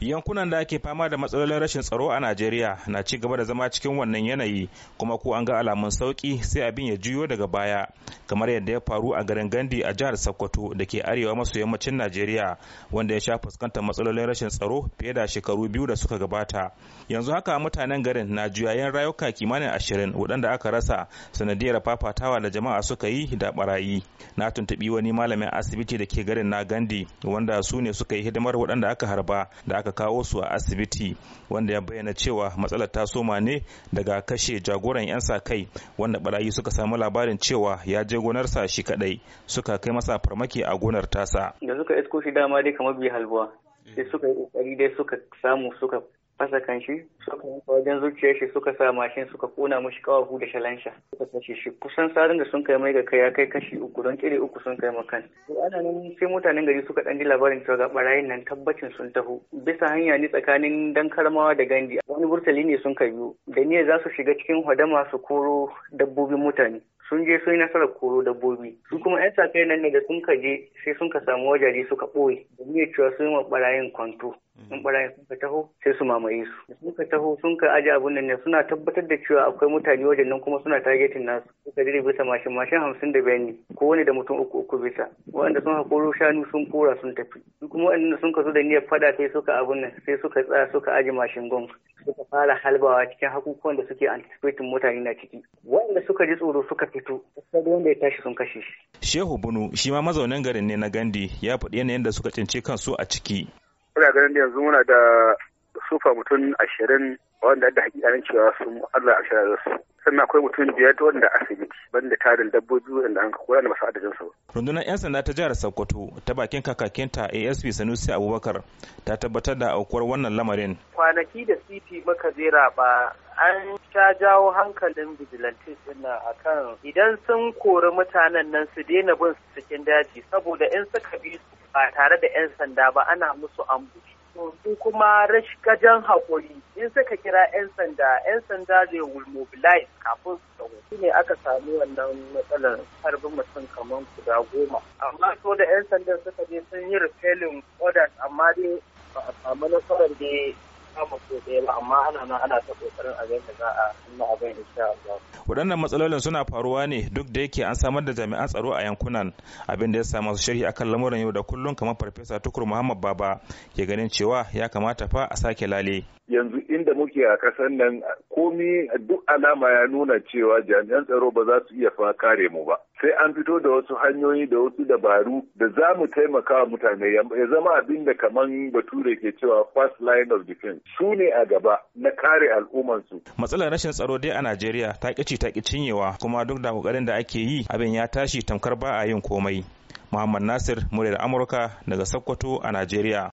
yankunan da ake fama da matsalolin rashin tsaro a najeriya na ci gaba da zama cikin wannan yanayi kuma ko an ga alamun sauki sai abin ya juyo daga baya kamar yadda ya faru a garin gandi a jihar sokoto da ke arewa maso yammacin najeriya wanda ya sha fuskantar matsalolin rashin tsaro fiye da shekaru biyu da suka gabata yanzu haka mutanen garin na juyayen rayuka kimanin ashirin waɗanda aka rasa sanadiyar fafatawa da jama'a suka yi da barayi na tuntuɓi wani malamin asibiti da ke garin na gandi wanda su ne suka yi hidimar waɗanda aka harba da aka kawo su a asibiti wanda ya bayyana cewa matsalar ta soma ne daga kashe jagoran 'yan sa kai wanda barayi suka samu labarin cewa ya je gonarsa shi kadai suka kai masa farmaki a gonar tasa da suka isko shi dama dai kamar bi halbuwa eh. sai suka yi kokari dai suka samu suka fasa kan shi suka yi wajen zuciya shi suka sa mashin suka kona mashi kawafu da shalansha suka kashe shi kusan sarin da sun kai mai ga kai ya kai kashi uku don kire uku sun kai makan ana nan sai mutanen gari suka dan ji labarin cewa ga barayin nan tabbacin sun taho bisa hanya ne tsakanin dan karmawa da gandi wani burtali ne sun kai biyu da niyyar za su shiga cikin hadama su koro dabbobin mutane sun je sun yi nasarar koro dabbobi su kuma yan sakai nan ne da sun ka je sai sun ka samu wajaje suka ɓoye domin cewa sun yi wa barayin kwanto mm. Sun barayin sun ka taho sai su mamaye su sun ka taho sun ka aje abun nan ne suna tabbatar da cewa akwai mutane wajen nan kuma suna targetin nasu suka dire bisa mashin mashin hamsin da biyar ne ko wani da mutum uku uku bisa waɗanda sun hakoro shanu sun kora sun tafi su kuma waɗanda sun ka zo da niyyar fada sai suka abun nan sai suka tsaya suka aje mashin gon suka fara halbawa cikin hakukuwan da suke anticipating mutane na ciki waɗanda suka ji tsoro suka fito sai wanda ya tashi sun kashe shi Shehu Bunu shi ma mazaunin garin ne na Gandi ya faɗi yanayin da suka cince kansu a ciki Ina ganin da yanzu muna da sufa mutum ashirin wanda da an cewa sun Allah ya shara su sannan akwai mutum biyar wanda asibiti banda tarin dabbobi wanda an koya da masu adadin su. rundunar 'yan sanda ta jihar sokoto ta bakin kakakinta asp sanusi abubakar ta tabbatar da aukuwar wannan lamarin. kwanaki da city maka zera ba an ta jawo hankalin vigilante din nan akan idan sun kori mutanen nan su daina bin su cikin daji saboda in suka bi su ba tare da 'yan sanda ba ana musu ambushi su kuma rashigajen gajen haƙuri in suka kira 'yan sanda 'yan sanda zai will mobilize kafin su taho shi ne aka sami wannan matsalar harbin mutum kamar guda goma amma so da 'yan sandan suka je sun yi repelling orders amma dai ba a samu nasarar da kama ko ɗaya ba amma ana nan a Waɗannan matsalolin suna faruwa ne duk da yake an samar da jami'an tsaro a yankunan abin da ya sa masu sharhi akan lamuran yau da kullum kamar Farfesa Tukur Muhammad Baba ke ganin cewa ya kamata fa a sake lale. Yanzu inda muke a ƙasar nan komi duk alama ya nuna cewa jami'an tsaro ba za su iya fa kare mu ba. sai an fito da wasu hanyoyi da wasu dabaru da za mu taimaka wa mutane ya zama abin da kamar bature ke cewa first line of defense su ne a gaba na kare al'ummansu. matsalar rashin tsaro dai a najeriya ta kici ta cinyewa kuma duk da ƙoƙarin da ake yi abin ya tashi tamkar ba a yin komai muhammad nasir muryar amurka daga sokoto a najeriya